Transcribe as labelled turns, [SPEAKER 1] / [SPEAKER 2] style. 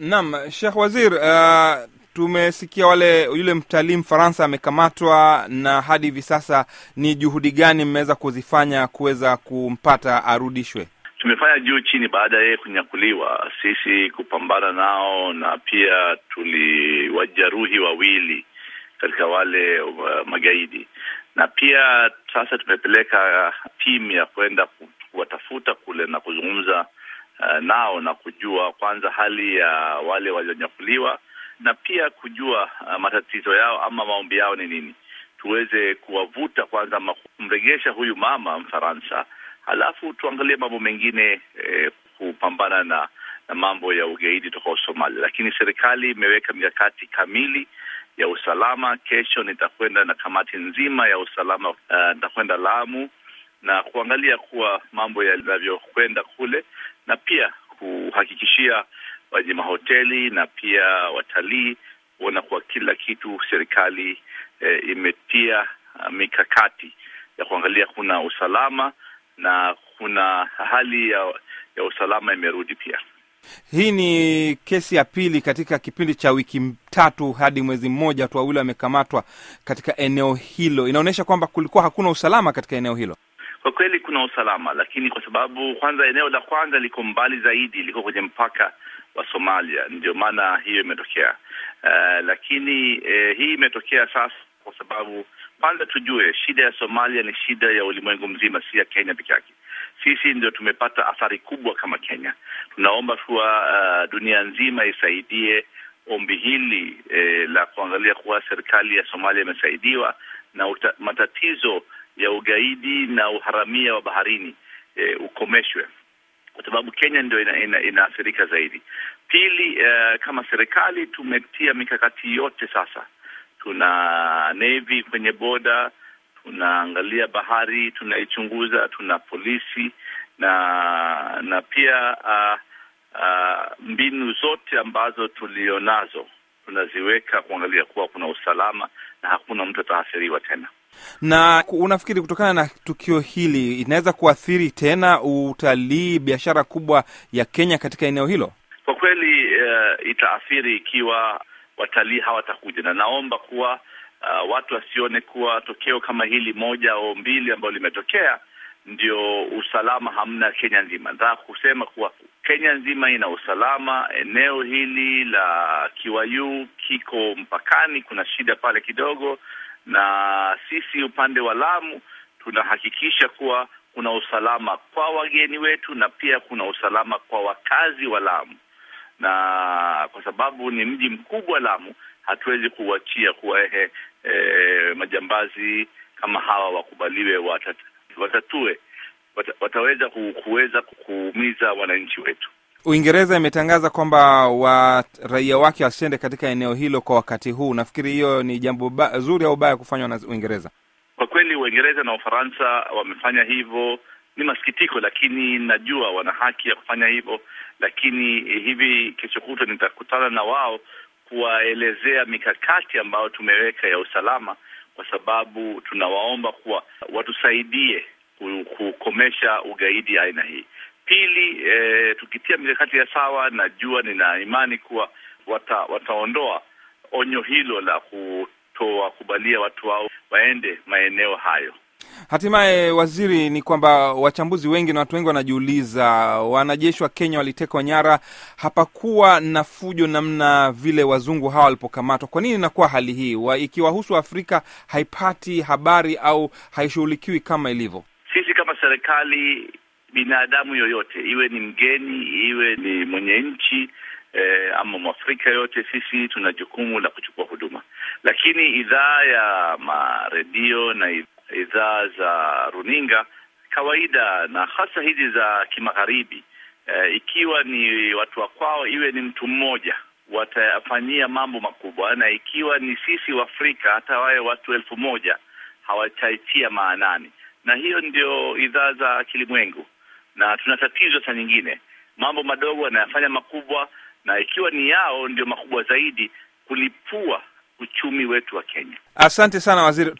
[SPEAKER 1] Naam, Sheikh wazir uh, tumesikia wale yule mtalii Mfaransa amekamatwa na hadi hivi sasa ni juhudi gani mmeweza kuzifanya kuweza kumpata arudishwe?
[SPEAKER 2] Tumefanya juu chini baada ya yeye kunyakuliwa, sisi kupambana nao, na pia tuliwajeruhi wawili katika wale uh, magaidi, na pia sasa tumepeleka timu ya kwenda kuwatafuta kule na kuzungumza Eh, nao na kujua kwanza hali ya uh, wale walionyakuliwa na pia kujua uh, matatizo yao ama maombi yao ni nini, tuweze kuwavuta kwanza ama kumregesha huyu mama Mfaransa, halafu tuangalie mambo mengine eh, kupambana na, na mambo ya ugaidi toka Somalia. Lakini serikali imeweka mikakati kamili ya usalama. Kesho nitakwenda na kamati nzima ya usalama uh, nitakwenda Lamu na kuangalia kuwa mambo yanavyokwenda kule, na pia kuhakikishia wenye mahoteli na pia watalii kuona kuwa kila kitu serikali e, imetia ah, mikakati ya kuangalia kuna usalama na kuna hali ya, ya usalama imerudi pia.
[SPEAKER 1] Hii ni kesi ya pili katika kipindi cha wiki tatu hadi mwezi mmoja, watu wawili wamekamatwa katika eneo hilo. Inaonyesha kwamba kulikuwa hakuna usalama katika eneo hilo.
[SPEAKER 2] Kwa kweli kuna usalama, lakini kwa sababu kwanza, eneo la kwanza liko mbali zaidi, liko kwenye mpaka wa Somalia, ndio maana hiyo imetokea. Uh, lakini eh, hii imetokea sasa kwa sababu kwanza tujue shida ya Somalia ni shida ya ulimwengu mzima, si ya Kenya peke yake. Sisi ndio tumepata athari kubwa kama Kenya. Tunaomba kuwa uh, dunia nzima isaidie ombi hili eh, la kuangalia kuwa serikali ya Somalia imesaidiwa na uta, matatizo ya ugaidi na uharamia wa baharini e, ukomeshwe kwa sababu Kenya ndio inaathirika ina, ina zaidi. Pili, uh, kama serikali tumetia mikakati yote sasa, tuna navy kwenye boda, tunaangalia bahari, tunaichunguza, tuna polisi na na pia uh, uh, mbinu zote ambazo tulionazo tunaziweka kuangalia kuwa kuna usalama na hakuna mtu ataathiriwa tena.
[SPEAKER 1] Na unafikiri kutokana na tukio hili inaweza kuathiri tena utalii, biashara kubwa ya Kenya katika eneo hilo?
[SPEAKER 2] Kwa kweli uh, itaathiri ikiwa watalii hawatakuja, na naomba kuwa uh, watu wasione kuwa tokeo kama hili moja au mbili ambayo limetokea ndio usalama hamna Kenya nzima. Nataka kusema kuwa Kenya nzima ina usalama. Eneo hili la kiwayuu kiko mpakani, kuna shida pale kidogo, na sisi upande wa Lamu tunahakikisha kuwa kuna usalama kwa wageni wetu na pia kuna usalama kwa wakazi wa Lamu, na kwa sababu ni mji mkubwa Lamu, hatuwezi kuwachia kuwa ehe, e, majambazi kama hawa wakubaliwe, watat, watatue wataweza kuweza kuumiza wananchi wetu.
[SPEAKER 1] Uingereza imetangaza kwamba wa raia wake wasiende katika eneo hilo kwa wakati huu. Nafikiri hiyo ni jambo zuri au baya kufanywa na Uingereza?
[SPEAKER 2] Kwa kweli, Uingereza na Ufaransa wamefanya hivyo, ni masikitiko, lakini najua wana haki ya kufanya hivyo, lakini hivi kesho kutwa nitakutana na wao kuwaelezea mikakati ambayo tumeweka ya usalama, kwa sababu tunawaomba kuwa watusaidie kukomesha ugaidi aina hii. Pili, e, tukitia mikakati ya sawa, najua nina imani kuwa wata, wataondoa onyo hilo la kutowakubalia watu wao waende maeneo hayo.
[SPEAKER 1] Hatimaye waziri, ni kwamba wachambuzi wengi na watu wengi wanajiuliza, wanajeshi wa Kenya walitekwa nyara, hapakuwa na fujo namna vile wazungu hawa walipokamatwa. Kwa nini inakuwa hali hii? Ikiwahusu Afrika haipati habari au haishughulikiwi kama ilivyo?
[SPEAKER 2] Sisi kama serikali binadamu yoyote, iwe ni mgeni, iwe ni mwenye nchi e, ama Mwafrika yote, sisi tuna jukumu la kuchukua huduma. Lakini idhaa ya maredio na idhaa za runinga kawaida, na hasa hizi za kimagharibi e, ikiwa ni watu wa kwao, iwe ni mtu mmoja watafanyia mambo makubwa, na ikiwa ni sisi Waafrika, hata wawe watu elfu moja hawataitia maanani, na hiyo ndio idhaa za kilimwengu na tuna tatizo saa nyingine mambo madogo yanayafanya makubwa, na ikiwa ni yao ndio makubwa zaidi kulipua uchumi wetu wa Kenya.
[SPEAKER 1] Asante sana waziri.